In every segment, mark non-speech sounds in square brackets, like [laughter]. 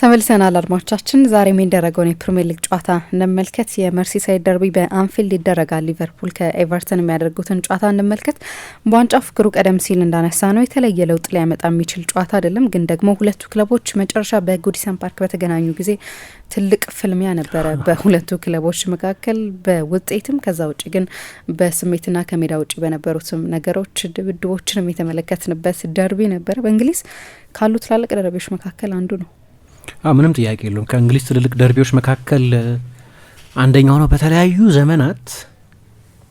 ተመልሰናል አድማቻችን። ዛሬ የሚደረገውን የፕሪምየር ሊግ ጨዋታ እንመልከት። የመርሲሳይድ ደርቢ በአንፊልድ ይደረጋል። ሊቨርፑል ከኤቨርተን የሚያደርጉትን ጨዋታ እንመልከት። በዋንጫ ፍክሩ ቀደም ሲል እንዳነሳ ነው የተለየ ለውጥ ሊያመጣ የሚችል ጨዋታ አይደለም፣ ግን ደግሞ ሁለቱ ክለቦች መጨረሻ በጉዲሰን ፓርክ በተገናኙ ጊዜ ትልቅ ፍልሚያ ነበረ [laughs] በሁለቱ ክለቦች መካከል በውጤትም ከዛ ውጭ ግን በስሜትና ከሜዳ ውጭ በነበሩትም ነገሮች ድብድቦችንም የተመለከትንበት ደርቢ ነበረ። በእንግሊዝ ካሉ ትላልቅ ደርቢዎች መካከል አንዱ ነው። ምንም ጥያቄ የለውም። ከእንግሊዝ ትልልቅ ደርቢዎች መካከል አንደኛው ነው። በተለያዩ ዘመናት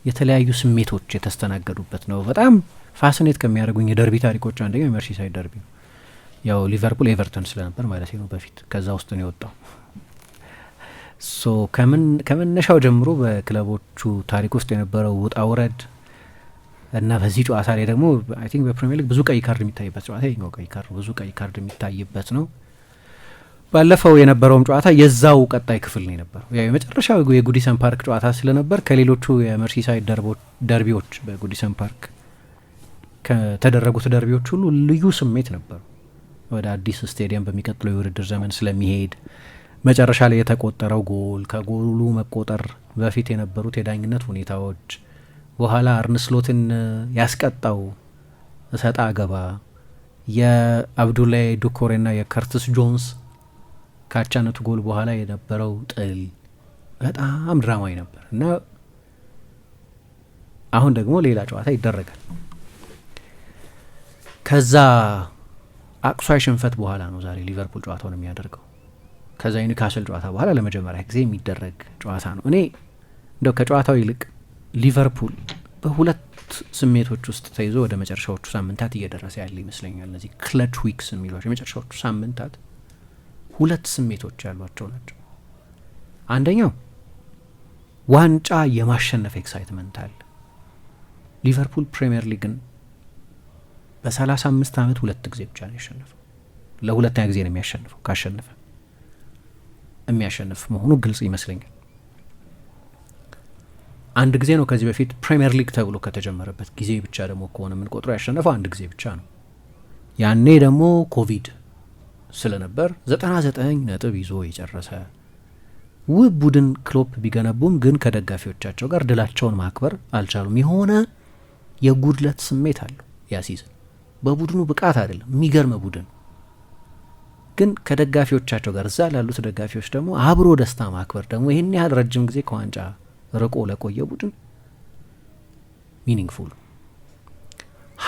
የተለያዩ ስሜቶች የተስተናገዱበት ነው። በጣም ፋስኔት ከሚያደርጉኝ የደርቢ ታሪኮች አንደኛው የመርሲሳይድ ደርቢ ነው። ያው ሊቨርፑል ኤቨርተን ስለነበር ማለት ነው በፊት ከዛ ውስጥ ነው የወጣው። ሶ ከመነሻው ጀምሮ በክለቦቹ ታሪክ ውስጥ የነበረው ውጣ ውረድ እና በዚህ ጨዋታ ላይ ደግሞ አይ ቲንክ በፕሪሚየር ሊግ ብዙ ቀይ ካርድ የሚታይበት ጨዋታ ይኛው ቀይ ካርድ ብዙ ቀይ ካርድ የሚታይበት ነው። ባለፈው የነበረውም ጨዋታ የዛው ቀጣይ ክፍል ነው የነበረው። ያው የመጨረሻው የጉዲሰን ፓርክ ጨዋታ ስለነበር ከሌሎቹ የመርሲሳይድ ደርቢዎች በጉዲሰን ፓርክ ከተደረጉት ደርቢዎች ሁሉ ልዩ ስሜት ነበሩ። ወደ አዲስ ስቴዲየም በሚቀጥለው የውድድር ዘመን ስለሚሄድ መጨረሻ ላይ የተቆጠረው ጎል፣ ከጎሉ መቆጠር በፊት የነበሩት የዳኝነት ሁኔታዎች፣ በኋላ አርንስሎትን ያስቀጣው እሰጣ አገባ የአብዱላይ ዱኮሬና የከርትስ ጆንስ ከአቻነቱ ጎል በኋላ የነበረው ጥል በጣም ድራማዊ ነበር እና አሁን ደግሞ ሌላ ጨዋታ ይደረጋል። ከዛ አቅሷ ሽንፈት በኋላ ነው ዛሬ ሊቨርፑል ጨዋታውን የሚያደርገው። ከዛ ኒውካስል ጨዋታ በኋላ ለመጀመሪያ ጊዜ የሚደረግ ጨዋታ ነው። እኔ እንደው ከጨዋታው ይልቅ ሊቨርፑል በሁለት ስሜቶች ውስጥ ተይዞ ወደ መጨረሻዎቹ ሳምንታት እየደረሰ ያለ ይመስለኛል። እነዚህ ክለች ዊክስ የሚሏቸው የመጨረሻዎቹ ሳምንታት ሁለት ስሜቶች ያሏቸው ናቸው። አንደኛው ዋንጫ የማሸነፍ ኤክሳይትመንት አለ። ሊቨርፑል ፕሪምየር ሊግን በሰላሳ አምስት ዓመት ሁለት ጊዜ ብቻ ነው ያሸነፈው። ለሁለተኛ ጊዜ ነው የሚያሸንፈው። ካሸነፈ የሚያሸንፍ መሆኑ ግልጽ ይመስለኛል። አንድ ጊዜ ነው ከዚህ በፊት ፕሪምየር ሊግ ተብሎ ከተጀመረበት ጊዜ ብቻ ደግሞ ከሆነ የምንቆጥረው ያሸነፈው አንድ ጊዜ ብቻ ነው። ያኔ ደግሞ ኮቪድ ስለነበር 99 ነጥብ ይዞ የጨረሰ ውብ ቡድን ክሎፕ ቢገነቡም ግን ከደጋፊዎቻቸው ጋር ድላቸውን ማክበር አልቻሉም። የሆነ የጉድለት ስሜት አለው ያሲዝን በቡድኑ ብቃት አይደለም፣ የሚገርም ቡድን ግን ከደጋፊዎቻቸው ጋር እዛ ላሉት ደጋፊዎች ደግሞ አብሮ ደስታ ማክበር ደግሞ ይህን ያህል ረጅም ጊዜ ከዋንጫ ርቆ ለቆየ ቡድን ሚኒንግፉል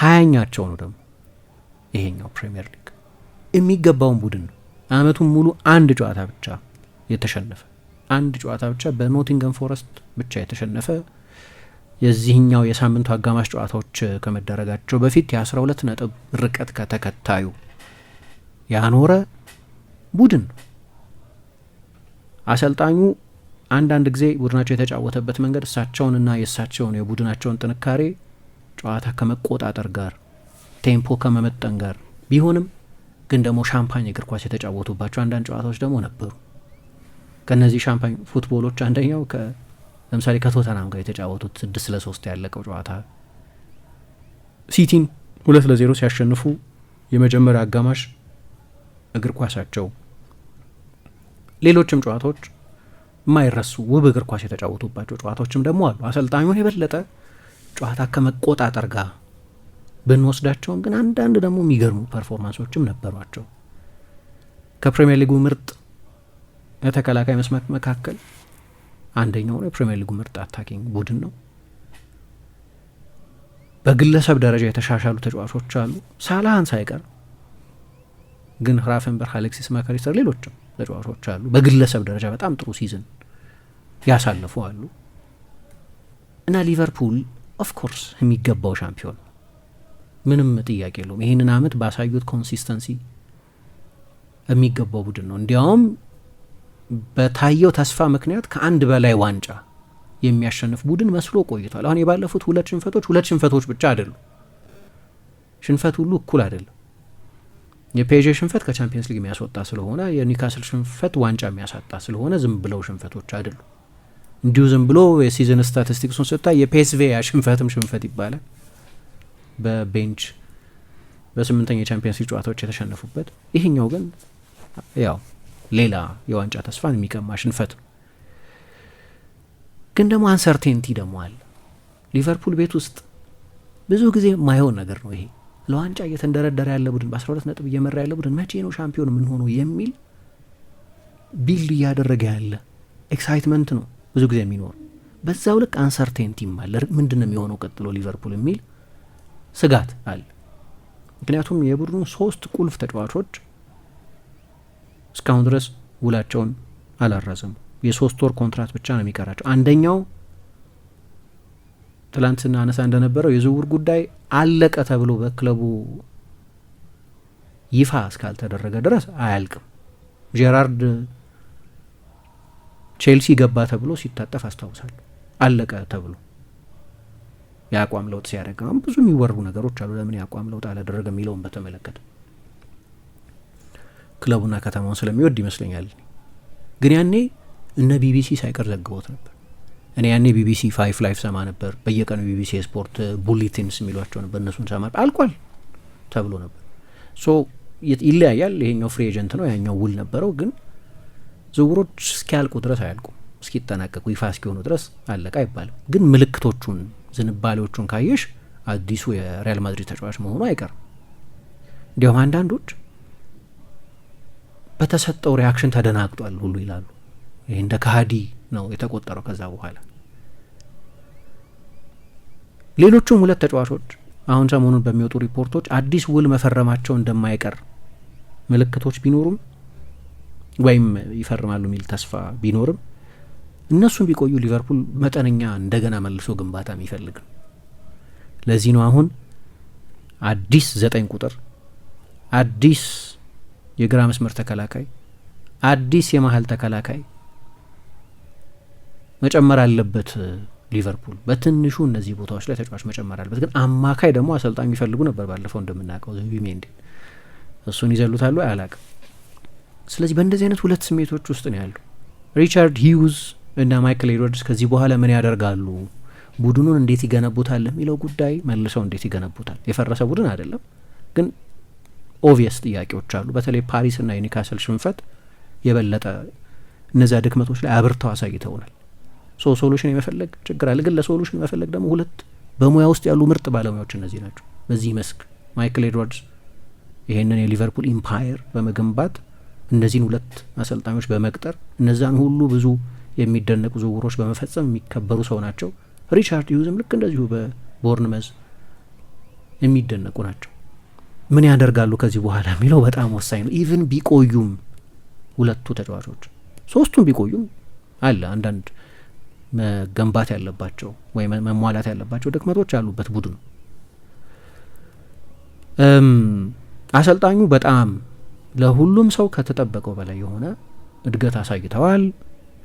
ሀያኛቸው ነው ደግሞ ይሄኛው ፕሪምየር ሊግ የሚገባውን ቡድን ነው። አመቱን ሙሉ አንድ ጨዋታ ብቻ የተሸነፈ አንድ ጨዋታ ብቻ በኖቲንገም ፎረስት ብቻ የተሸነፈ የዚህኛው የሳምንቱ አጋማሽ ጨዋታዎች ከመደረጋቸው በፊት የ12 ነጥብ ርቀት ከተከታዩ ያኖረ ቡድን ነው። አሰልጣኙ አንዳንድ ጊዜ ቡድናቸው የተጫወተበት መንገድ እሳቸውንና የእሳቸውን የቡድናቸውን ጥንካሬ ጨዋታ ከመቆጣጠር ጋር ቴምፖ ከመመጠን ጋር ቢሆንም ግን ደግሞ ሻምፓኝ እግር ኳስ የተጫወቱባቸው አንዳንድ ጨዋታዎች ደግሞ ነበሩ። ከእነዚህ ሻምፓኝ ፉትቦሎች አንደኛው ለምሳሌ ከቶተናም ጋር የተጫወቱት ስድስት ለሶስት ያለቀው ጨዋታ ሲቲን ሁለት ለዜሮ ሲያሸንፉ የመጀመሪያ አጋማሽ እግር ኳሳቸው ሌሎችም ጨዋታዎች የማይረሱ ውብ እግር ኳስ የተጫወቱባቸው ጨዋታዎችም ደግሞ አሉ። አሰልጣኙን የበለጠ ጨዋታ ከመቆጣጠር ጋር ብንወስዳቸውም ግን አንዳንድ ደግሞ የሚገርሙ ፐርፎርማንሶችም ነበሯቸው። ከፕሪምየር ሊጉ ምርጥ የተከላካይ መስመር መካከል አንደኛው ነው። የፕሪምየር ሊጉ ምርጥ አታኪንግ ቡድን ነው። በግለሰብ ደረጃ የተሻሻሉ ተጫዋቾች አሉ፣ ሳላህን ሳይቀር ግን ራፈንበርህ፣ አሌክሲስ ማካሪስተር፣ ሌሎችም ተጫዋቾች አሉ። በግለሰብ ደረጃ በጣም ጥሩ ሲዝን ያሳለፉ አሉ እና ሊቨርፑል ኦፍኮርስ የሚገባው ሻምፒዮን ምንም ጥያቄ የለውም። ይህንን አመት ባሳዩት ኮንሲስተንሲ የሚገባው ቡድን ነው። እንዲያውም በታየው ተስፋ ምክንያት ከአንድ በላይ ዋንጫ የሚያሸንፍ ቡድን መስሎ ቆይቷል። አሁን የባለፉት ሁለት ሽንፈቶች ሁለት ሽንፈቶች ብቻ አይደሉም። ሽንፈት ሁሉ እኩል አይደለም። የፔዤ ሽንፈት ከቻምፒየንስ ሊግ የሚያስወጣ ስለሆነ፣ የኒውካስል ሽንፈት ዋንጫ የሚያሳጣ ስለሆነ ዝም ብለው ሽንፈቶች አይደሉም። እንዲሁ ዝም ብሎ የሲዝን ስታቲስቲክሱን ስታይ የፔስቬያ ሽንፈትም ሽንፈት ይባላል። በቤንች በስምንተኛ የቻምፒየንስ ሊግ ጨዋታዎች የተሸነፉበት። ይሄኛው ግን ያው ሌላ የዋንጫ ተስፋን የሚቀማ ሽንፈት ነው። ግን ደግሞ አንሰርቴንቲ ደግሞ አለ። ሊቨርፑል ቤት ውስጥ ብዙ ጊዜ ማየውን ነገር ነው ይሄ። ለዋንጫ እየተንደረደረ ያለ ቡድን በአስራ ሁለት ነጥብ እየመራ ያለ ቡድን መቼ ነው ሻምፒዮን የምንሆነው የሚል ቢልድ እያደረገ ያለ ኤክሳይትመንት ነው ብዙ ጊዜ የሚኖር። በዛው ልክ አንሰርቴንቲ ማለ ምንድን ነው የሚሆነው ቀጥሎ ሊቨርፑል የሚል ስጋት አለ። ምክንያቱም የቡድኑ ሶስት ቁልፍ ተጫዋቾች እስካሁን ድረስ ውላቸውን አላራዘሙ። የሶስት ወር ኮንትራት ብቻ ነው የሚቀራቸው። አንደኛው ትላንት ስናነሳ እንደነበረው የዝውውር ጉዳይ አለቀ ተብሎ በክለቡ ይፋ እስካልተደረገ ድረስ አያልቅም። ጄራርድ ቼልሲ ገባ ተብሎ ሲታጠፍ አስታውሳለሁ። አለቀ ተብሎ የአቋም ለውጥ ሲያደርግ አሁን ብዙ የሚወሩ ነገሮች አሉ። ለምን የአቋም ለውጥ አላደረገ የሚለውን በተመለከተ ክለቡና ከተማውን ስለሚወድ ይመስለኛል። ግን ያኔ እነ ቢቢሲ ሳይቀር ዘግቦት ነበር። እኔ ያኔ ቢቢሲ ፋይፍ ላይፍ ሰማ ነበር። በየቀኑ ቢቢሲ የስፖርት ቡሌቲንስ የሚሏቸው ነበር። እነሱን ሰማ አልቋል ተብሎ ነበር። ሶ ይለያያል። ይሄኛው ፍሪ ኤጀንት ነው፣ ያኛው ውል ነበረው። ግን ዝውውሮች እስኪያልቁ ድረስ አያልቁም። እስኪጠናቀቁ ይፋ እስኪሆኑ ድረስ አለቃ አይባልም። ግን ምልክቶቹን ዝንባሌዎቹን ካየሽ አዲሱ የሪያል ማድሪድ ተጫዋች መሆኑ አይቀርም። እንዲያውም አንዳንዶች በተሰጠው ሪያክሽን ተደናግጧል ሁሉ ይላሉ። ይህ እንደ ካሃዲ ነው የተቆጠረው። ከዛ በኋላ ሌሎቹም ሁለት ተጫዋቾች አሁን ሰሞኑን በሚወጡ ሪፖርቶች አዲስ ውል መፈረማቸው እንደማይቀር ምልክቶች ቢኖሩም ወይም ይፈርማሉ የሚል ተስፋ ቢኖርም እነሱም ቢቆዩ ሊቨርፑል መጠነኛ እንደገና መልሶ ግንባታ የሚፈልግ ነው። ለዚህ ነው አሁን አዲስ ዘጠኝ ቁጥር አዲስ የግራ መስመር ተከላካይ አዲስ የመሀል ተከላካይ መጨመር አለበት። ሊቨርፑል በትንሹ እነዚህ ቦታዎች ላይ ተጫዋች መጨመር አለበት። ግን አማካይ ደግሞ አሰልጣኝ ይፈልጉ ነበር፣ ባለፈው እንደምናውቀው ዙቢሜንዲ። እሱን ይዘሉታሉ አያላቅም። ስለዚህ በእንደዚህ አይነት ሁለት ስሜቶች ውስጥ ነው ያሉ ሪቻርድ ሂውዝ እና ማይክል ኤድዋርድስ ከዚህ በኋላ ምን ያደርጋሉ፣ ቡድኑን እንዴት ይገነቡታል የሚለው ጉዳይ መልሰው እንዴት ይገነቡታል። የፈረሰ ቡድን አይደለም፣ ግን ኦቪየስ ጥያቄዎች አሉ። በተለይ ፓሪስ ፓሪስና የኒካስል ሽንፈት የበለጠ እነዚያ ድክመቶች ላይ አብርተው አሳይተውናል። ሶ ሶሉሽን የመፈለግ ችግር አለ፣ ግን ለሶሉሽን የመፈለግ ደግሞ ሁለት በሙያ ውስጥ ያሉ ምርጥ ባለሙያዎች እነዚህ ናቸው። በዚህ መስክ ማይክል ኤድዋርድስ ይሄንን የሊቨርፑል ኢምፓየር በመገንባት እነዚህን ሁለት አሰልጣኞች በመቅጠር እነዛን ሁሉ ብዙ የሚደነቁ ዝውውሮች በመፈጸም የሚከበሩ ሰው ናቸው። ሪቻርድ ሂውዝም ልክ እንደዚሁ በቦርንመዝ የሚደነቁ ናቸው። ምን ያደርጋሉ ከዚህ በኋላ የሚለው በጣም ወሳኝ ነው። ኢቭን ቢቆዩም ሁለቱ ተጫዋቾች ሶስቱም ቢቆዩም አለ አንዳንድ መገንባት ያለባቸው ወይ መሟላት ያለባቸው ድክመቶች ያሉበት ቡድኑ አሰልጣኙ በጣም ለሁሉም ሰው ከተጠበቀው በላይ የሆነ እድገት አሳይተዋል።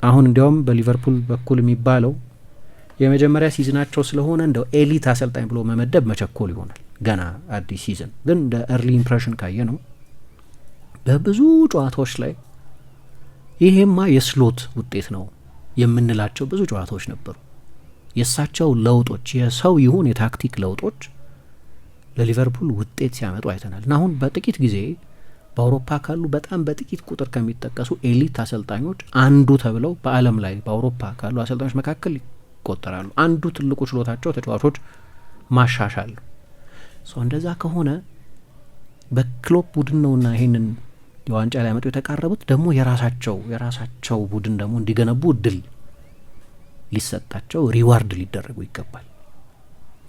አሁን እንዲያውም በሊቨርፑል በኩል የሚባለው የመጀመሪያ ሲዝናቸው ስለሆነ እንደው ኤሊት አሰልጣኝ ብሎ መመደብ መቸኮል ይሆናል። ገና አዲስ ሲዝን ግን እንደ ኤርሊ ኢምፕሬሽን ካየ ነው በብዙ ጨዋታዎች ላይ ይሄማ የስሎት ውጤት ነው የምንላቸው ብዙ ጨዋታዎች ነበሩ። የእሳቸው ለውጦች የሰው ይሁን የታክቲክ ለውጦች ለሊቨርፑል ውጤት ሲያመጡ አይተናል እና አሁን በጥቂት ጊዜ በአውሮፓ ካሉ በጣም በጥቂት ቁጥር ከሚጠቀሱ ኤሊት አሰልጣኞች አንዱ ተብለው በዓለም ላይ በአውሮፓ ካሉ አሰልጣኞች መካከል ይቆጠራሉ። አንዱ ትልቁ ችሎታቸው ተጫዋቾች ማሻሻል ነው። እንደዛ ከሆነ በክሎፕ ቡድን ነውና ይሄንን የዋንጫ ላይ መጡ የተቃረቡት ደግሞ የራሳቸው የራሳቸው ቡድን ደግሞ እንዲገነቡ እድል ሊሰጣቸው ሪዋርድ ሊደረጉ ይገባል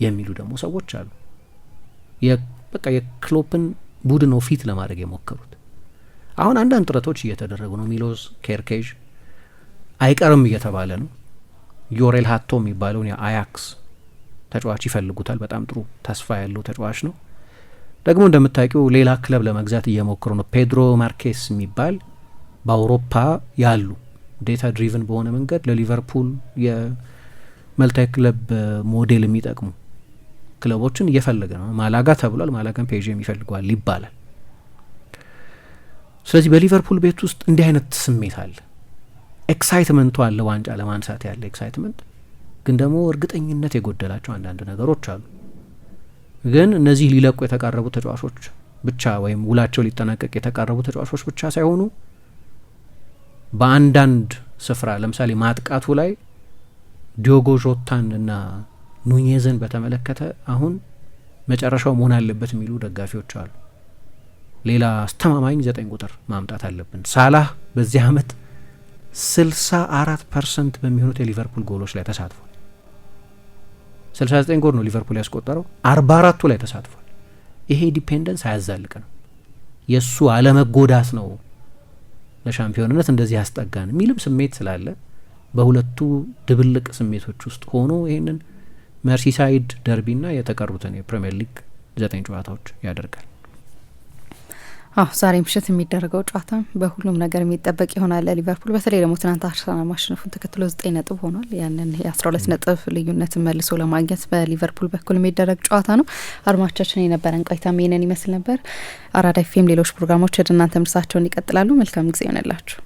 የሚሉ ደግሞ ሰዎች አሉ። በቃ የክሎፕን ቡድኑ ፊት ለማድረግ የሞከሩት። አሁን አንዳንድ ጥረቶች እየተደረጉ ነው። ሚሎዝ ኬርኬዥ አይቀርም እየተባለ ነው። ዮሬል ሀቶ የሚባለውን የአያክስ ተጫዋች ይፈልጉታል። በጣም ጥሩ ተስፋ ያለው ተጫዋች ነው። ደግሞ እንደምታውቂው ሌላ ክለብ ለመግዛት እየሞከሩ ነው። ፔድሮ ማርኬስ የሚባል በአውሮፓ ያሉ ዴታ ድሪቭን በሆነ መንገድ ለሊቨርፑል የመልታይ ክለብ ሞዴል የሚጠቅሙ ክለቦችን እየፈለገ ነው። ማላጋ ተብሏል። ማላጋን ፔዥ የሚፈልገዋል ይባላል። ስለዚህ በሊቨርፑል ቤት ውስጥ እንዲህ አይነት ስሜት አለ። ኤክሳይትመንቱ አለ፣ ዋንጫ ለማንሳት ያለ ኤክሳይትመንት፣ ግን ደግሞ እርግጠኝነት የጎደላቸው አንዳንድ ነገሮች አሉ። ግን እነዚህ ሊለቁ የተቃረቡ ተጫዋቾች ብቻ ወይም ውላቸው ሊጠናቀቅ የተቃረቡ ተጫዋቾች ብቻ ሳይሆኑ በአንዳንድ ስፍራ ለምሳሌ ማጥቃቱ ላይ ዲዮጎ ጆታን እና ኑኜዝን በተመለከተ አሁን መጨረሻው መሆን አለበት የሚሉ ደጋፊዎች አሉ። ሌላ አስተማማኝ ዘጠኝ ቁጥር ማምጣት አለብን። ሳላህ በዚህ አመት ስልሳ አራት ፐርሰንት በሚሆኑት የሊቨርፑል ጎሎች ላይ ተሳትፏል። ስልሳ ዘጠኝ ጎል ነው ሊቨርፑል ያስቆጠረው፣ አርባ አራቱ ላይ ተሳትፏል። ይሄ ዲፔንደንስ አያዛልቅንም። የእሱ አለመጎዳት ነው ለሻምፒዮንነት እንደዚህ ያስጠጋን የሚልም ስሜት ስላለ በሁለቱ ድብልቅ ስሜቶች ውስጥ ሆኖ ይህንን መርሲሳይድ ና የተቀሩትን የፕሪምየር ሊግ ዘጠኝ ጨዋታዎች ያደርጋል። አዎ ዛሬ ምሽት የሚደረገው ጨዋታ በሁሉም ነገር የሚጠበቅ ይሆናል። ለሊቨርፑል በተለይ ደግሞ ትናንት አርሰናል ማሸነፉን ተከትሎ ዘጠኝ ነጥብ ሆኗል። ያንን የአስራ ሁለት ነጥብ ልዩነትን መልሶ ለማግኘት በሊቨርፑል በኩል የሚደረግ ጨዋታ ነው። አድማቻችን የነበረን ቆይታ ይህንን ይመስል ነበር። አራዳ ኤፍ ኤም ሌሎች ፕሮግራሞች ወደ እናንተ ምርሳቸውን ይቀጥላሉ። መልካም ጊዜ ይሆንላችሁ።